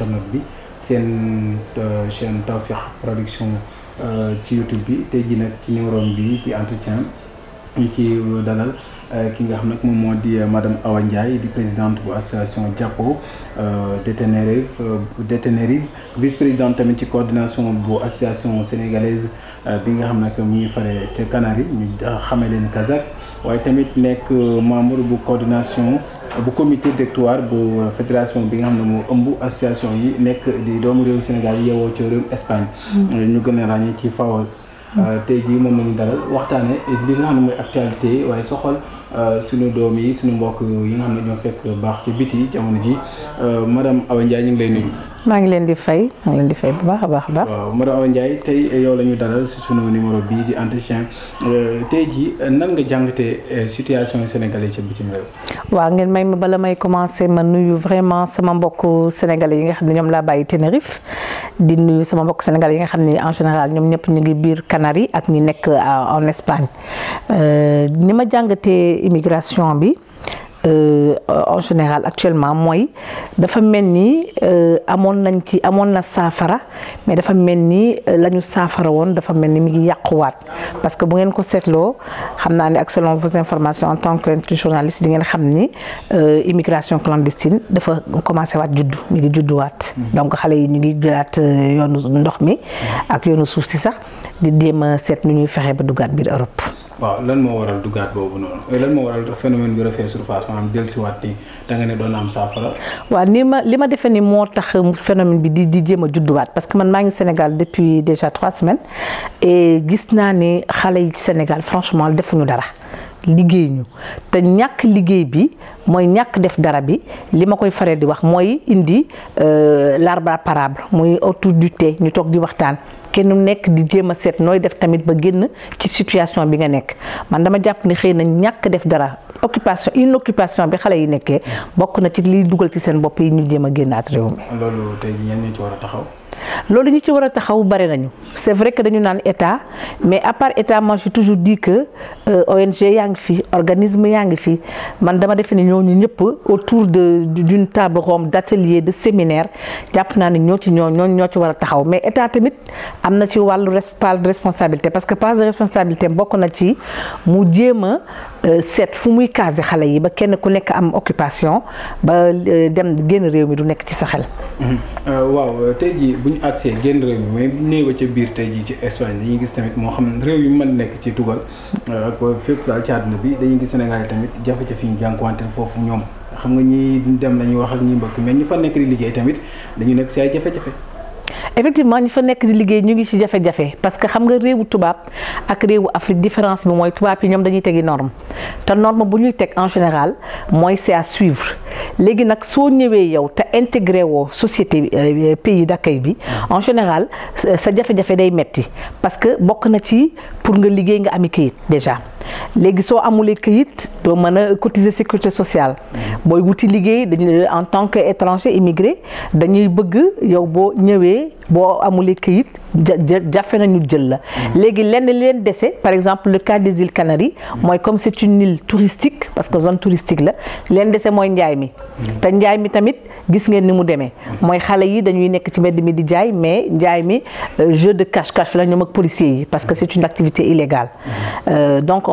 internet bi seen euh, chaîne Tawfekh Production euh, ci YouTube bi tey jii nag ci numéro bi ci entretien ñu ci dalal euh, ki nga xam nag moom moo di madame Awa Ndiaye di présidente bu association Diapo de Tenerife de Tenerife vice présidente tamit ci coordination bu association sénégalaise bi nga xam nag mu ngi fare ca Canaries ñu xamee leen Kazakh waaye tamit nekk membre bu coordination bu comité directoire bu fédération bi nga xam ne moo ëmb association yi nekk di doomu réew Sénégal yow yeewoo ci réew Espagne mm-hmm. ñu gën a ràññee ci FAWOS mm-hmm. euh, te jii moom lañu dalal waxtaane li nga xam ne mooy actualité waaye soxal euh, suñu doom yi suñu mbokk yi nga xam ne ñoo fekk baax ci biti jamono ji euh, madame Awa Ndiaye ñu ngi lay nuyu maa ngi leen di fay maa ngi leen di fay bu baax a baax a baax. waaw madame Awa Ndiaye tey yow la ñu dalal si sunu numéro bii di entretien euh, tey jii nan nga jàngatee euh, situation sénégalais ci ngeen may ma bala may commencer ma nuyu vraiment sama mbokku sénégalais yi nga xam ne ñoom laa bàyyi Tenerife di nuyu sama mbokk sénégalais yi nga xam ne en général ñoom ñëpp ñu ngi biir Canaries ak ñi nekk euh, en Espagne ni ma jàngatee immigration bi. Euh, en général actuellement mooy dafa mel ni euh, amoon nañ ci amoon na saafara mais dafa mel ni euh, la saafara woon dafa mel ni mi ngi yàquwaat parce que bu ngeen ko seetloo xam naa ne ak selon vos informations en tant que di ngeen xam ni immigration clandestine dafa commencé waat juddu mi ngi judduwaat. Mm-hmm. donc xale yi ñu ngi jëlaat yoonu ndox mi ak yoonu suuf si sax di jéem a seet nu ñuy fexe ba duggaat biir Europe. waaw lan moo waral dugaat boobu noonu eh, lan moo waral phénomène bi refait surface maanaam dellusiwaat nii da nga ne doon am saafara. waaw ni ma li ma defee ni moo tax phénomène bi di di jéem a judduwaat parce que man maa ngi Sénégal depuis déjà trois semaines et gis naa ne xale yi ci Sénégal franchement defuñu dara. liggéey ñu te ñàkk liggéey bi mooy ñàkk def dara bi li ma koy faree di wax mooy indi euh, l'arbre à parables muy autour du thé ñu toog di waxtaan kenn nekk di jéem a seet nooy def tamit ba génn ci situation bi nga nekk man dama jàpp ni xëy na ñàkk def dara occupation une occupation bi xale yi nekkee bokk na ci liy dugal ci seen bopp yi ñu jéem a génnaat réew mi. loolu ñu ci war a taxaw bari nañu c'est vrai que dañu naan état mais à part état moi j'ai toujours dit euh, ONG yaa ngi fi organisme yaa ngi fi man dama defe ne ñooñu ñëpp autour de d'une table ronde d'atelier de séminaire jàpp naa ne ñoo ci ñoo ñoo ñoo ci war a taxaw mais état tamit am na ci wàllu part de responsabilité parce que part de responsabilité bokk na ci mu jéem a Euh, seet fu muy casé xale yi ba kenn ku nekk am occupation ba euh, dem génn réew mi du nekk ci sa xel. Mhm. Euh, waaw tey jii bu ñu àgsee génn réew mi mais néew ba ca biir tey jii ci Espagne dañuy gis tamit moo xam ne réew yu mën nekk ci tugal ak fépp daal ci àdduna bi dañu gis Sénégal yi tamit jafe-jafe yi ñu jànkuwante foofu ñoom xam nga ñi dem nañu wax ak ñi mbokk mais ñi fa nekk di liggéey tamit dañu nekk si ay jafe-jafe. effectivement ñu fa nekk di liggéey ñu ngi ci jafe-jafe parce que xam nga réewu tubaab ak réewu Afrique différence bi mooy tubaab yi ñoom dañuy tegi norme te norme bu ñuy teg en général mooy c'est à suivre léegi nag soo ñëwee yow te intégré woo société euh, pays d'accueil bi en général sa jafe-jafe day metti parce que bokk na ci pour nga liggéey nga ami kayit déjà léegi soo amulee këyit doo mën a cotiser sécurité sociale booy wuti liggéey dañuy en tant que étranger immigré dañuy bëgg yow boo ñëwee boo amulee këyit jafe nañu jël la léegi lenn leen dese par exemple le cas des îles Canaries mooy comme c'est une île touristique parce que zone touristique la leen dese mooy njaay mi te njaay mi tamit gis ngeen ni mu demee mooy xale yi dañuy nekk ci mbedd mi di jaay mais njaay mi euh, jeu de cache-cache la ñoom ak policiers yi parce que c'est une activité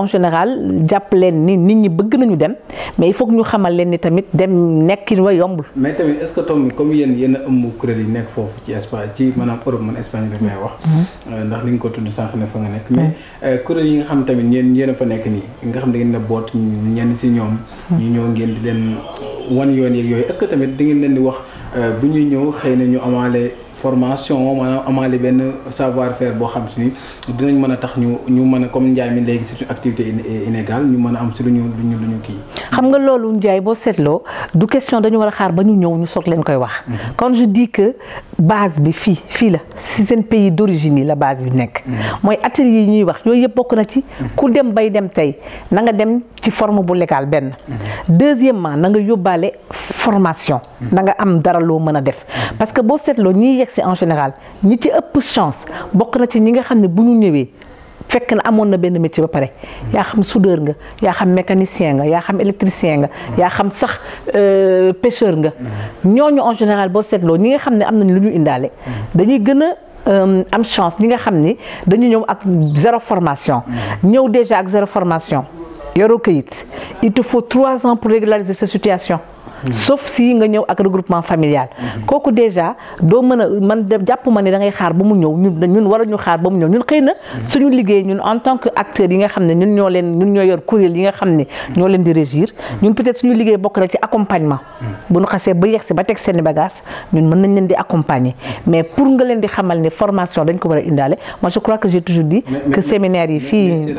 en général jàpp leen ni nit ñi bëgg nañu dem mais il faut que ñu xamal leen ni tamit dem nekkin wa yombul. mais tamit est-ce que tamit comme yéen yéen a ëmb kuréel yi nekk foofu ci Espagne ci maanaam Europe man Espagne la may wax. Mhm. Euh, ndax li nga ko tudd sànq ne fa nga nekk. mais euh, kuréel yi nga xam tamit ñeen yéen a fa nekk nii nga xam da ngeen a boot ñenn si ñoom. Mhm. ñu ñëw ngeen di leen wan yoon yeeg yooyu est wax euh, bu ñuy ñëw xëy na amaale. formation maanaam amaale benn savoir faire boo xam si dinañ mën a tax ñu ñu mën a comme njaay mi léegi c'est une activité inégale ñu mën a am si lu ñu lu ñu kii. xam nga loolu njaay boo seetloo du question dañu war a xaar ba ñu ñëw ñu soog leen koy wax. Mhm. quand je di que base bi fii fii la si seen pays d'origine yi la base bi nekk. Mhm. mooy atelier yi ñuy wax yooyu yëpp bokk na ci. Mhm. ku dem bay dem tey na nga dem ci forme bu légal benn. deuxièmement na nga yóbbaale formation. na nga am dara loo mën a def yegsi en général ñi ci ëpp chance bokk na ci ñi nga xam ne bu ñu ñëwee fekk na amoon na benn métier ba pare yaa xam soudeur nga yaa xam mécanicien nga yaa xam électricien nga yaa xam sax euh, pêcheur nga ñooñu en général boo seetloo ñi nga xam ne am nañ lu ñu indaale dañuy gën a euh, am chance ñi nga xam ni dañuy ñëw ak zéro formation ñëw déjà ak zéro formation yoroo kayit il te faut trois ans pour régulariser sa situation sauf si nga ñëw ak regroupement familial. kooku déjà doo mën a man jàpp ma ne da ngay xaar ba mu ñëw ñun ñun war ñu xaar ba mu ñëw ñun xëy na suñu liggéey ñun en tant que acteurs yi nga xam ne ñun ñoo leen ñun ñoo yor kuréel yi nga xam ne ñoo leen di régir ñun peut-être suñu liggéey bokk na ci accompagnement. bu ñu xasee ba yegsi ba teg seeni bagage ñun mën nañ leen di accompagner mais pour nga leen di xamal ne formation dañ ko war a indaale moi je crois que j'ai toujours dit. que yi fii. mais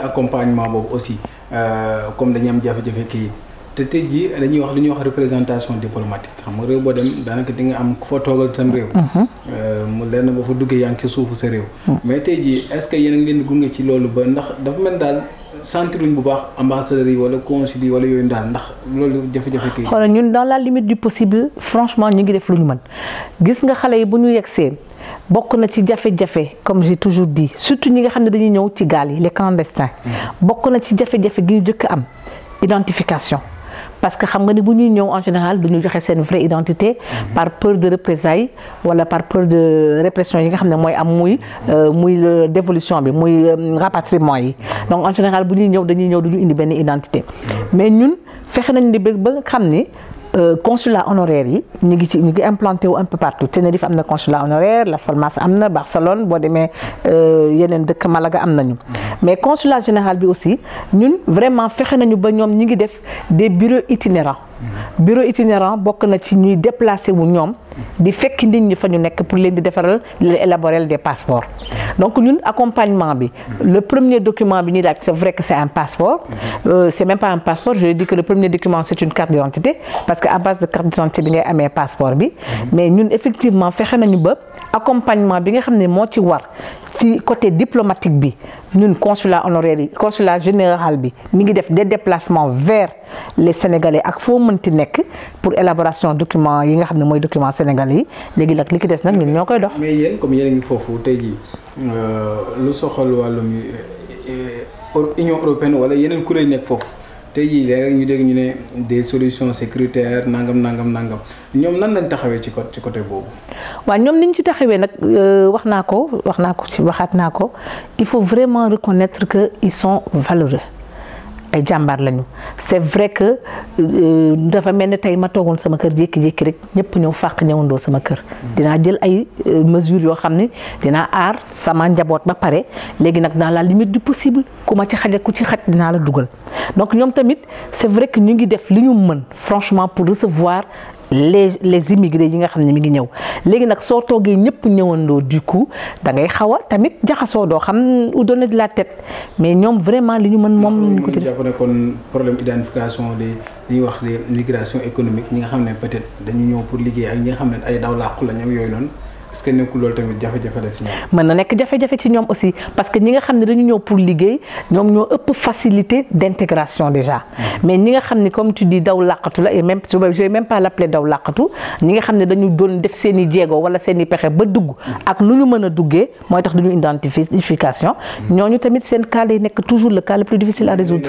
boobu aussi euh, comme dañuy am jafe-jafe kii te tey jii dañuy wax li ñuy wax représentation diplomatique xam nga réew boo dem daanaka di nga am ku fa toogal sam réew. Mhm. Euh, mu lenn boo fa duggee yaa ngi ci suufu sa réew. Mhm. mais tey jii est ce que yéen a ngi leen di ci loolu ba ndax dafa mel daal sentiruñ bu baax ambassadeurs yi wala consul yi wala yooyu daal ndax loolu jafe-jafe kii. xoolal ñun dans la ñu ngi def lu ñu gis nga xale yi bu ñu yegsee bokk na ci jafe-jafe comme j'ai toujours dit surtout ñi nga xam ne dañuy ñëw ci gaal yi les clandestins. Mhm. bokk na ci jafe-jafe gi ñu jëkk am identification. parce que xam nga ni bu ñuy ñëw en général du ñu joxe seen vraie identité mhm. par peur de représailles wala par peur de répression yi nga xam ne mooy am muy euh, muy dévolution bi muy euh, rapatriement yi donc en général bu ñuy ñëw dañuy ñëw du ñu indi benn identité mhm. mais ñun fexe nañ di ba xam ni euh, consulat honoraire yi ñu ngi ci ñu ngi implanté wu un peu partout Tenerife am na consulat honoraire Las Palmas am na Barcelone boo demee yeneen dëkk Malaga am nañu mhm. mais consulat général bi aussi ñun vraiment fexe nañu ba ñoom ñi ngi def des bureaux itinérants mm-hmm. bureau itinérant bokk na ci ñuy déplacé wu ñoom di fekk nit ñi fa ñu nekk pour leen di defaral élaborer des passeports mm-hmm. donc ñun accompagnement bi mm-hmm. le premier document bi ñuy laaj c'est vrai que c'est un passeport euh, c'est même pas un passeport je dis que le premier document c'est une carte d'identité parce que à base de carte d'identité bi ngay amee passeport bi mais ñun effectivement fexe nañu ba accompagnement bi nga xam ne moo ci war ci côté diplomatique bi ñun consulat honoraire yi consulat général bi mi ngi def des déplacement vers le sénégalais ak foo mënti nekk pour élaboration document yi nga xam ne mooy document sénégalais yi léegi nag li ki des nag ñun ñoo koy dox. mais yéen comme yéen a ngi foofu tey jii euh, lu soxal wàllum euh, euh, union européenne wala yeneen kuréel nekk foofu tey jii léeg ñu dégg ñu ne des solution sécuritaires nangam nangam nangam. ñoom nan lañ taxawee ci côté ci côté boobu. waaw ñoom ni ñu ci taxawee nag euh, wax naa ko wax naa ko ci waxaat naa ko il faut vraiment reconnaître que il son valeureux ay jàmbaar lañu c'est vrai que euh, dafa mel ni tey ma toogoon sama kër jékki-jékki rek ñëpp ñëw fàq ñëwandoo sama kër. Hmm. dinaa jël ay euh, mesures yoo xam ne dinaa aar sama njaboot ba pare léegi nag dans la limite du possible ku ma ci xaj ku ci xaj dinaa la dugal donc ñoom tamit c'est vrai que ñu ngi def li ñu mën les les immigrés yi nga xam ne mi ngi ñëw léegi nag soo toogee ñëpp ñëwandoo du coup da ngay xaw a tamit jaxasoo doo xam u donné la tête mais ñoom vraiment li ñu mën moom. ñu ko tuddee jàpp ne kon problème identification des li wax les migration économique ñi nga xam ne peut-être dañu ñëw pour liggéey ak ñi nga xam ne ay daw làqu la ñoom yooyu noonu. est-ce que mën na nekk jafe-jafe ci ñoom aussi parce que ñi nga xam ne dañu ñëw pour liggéey ñoom ñoo ëpp facilité d'intégration déjà. Mm. mais ñi nga xam ne comme tu dis daw làqatu la et même je vais même pas l'appeler daw làqatu ñi nga xam ne dañu doon def seen i jéego wala seen i pexe ba dugg. Mm. ak lu ñu mën a duggee mooy tax du ñu identification. Mm. ñooñu tamit seen cas lay nekk toujours le cas le plus difficile à résoudre.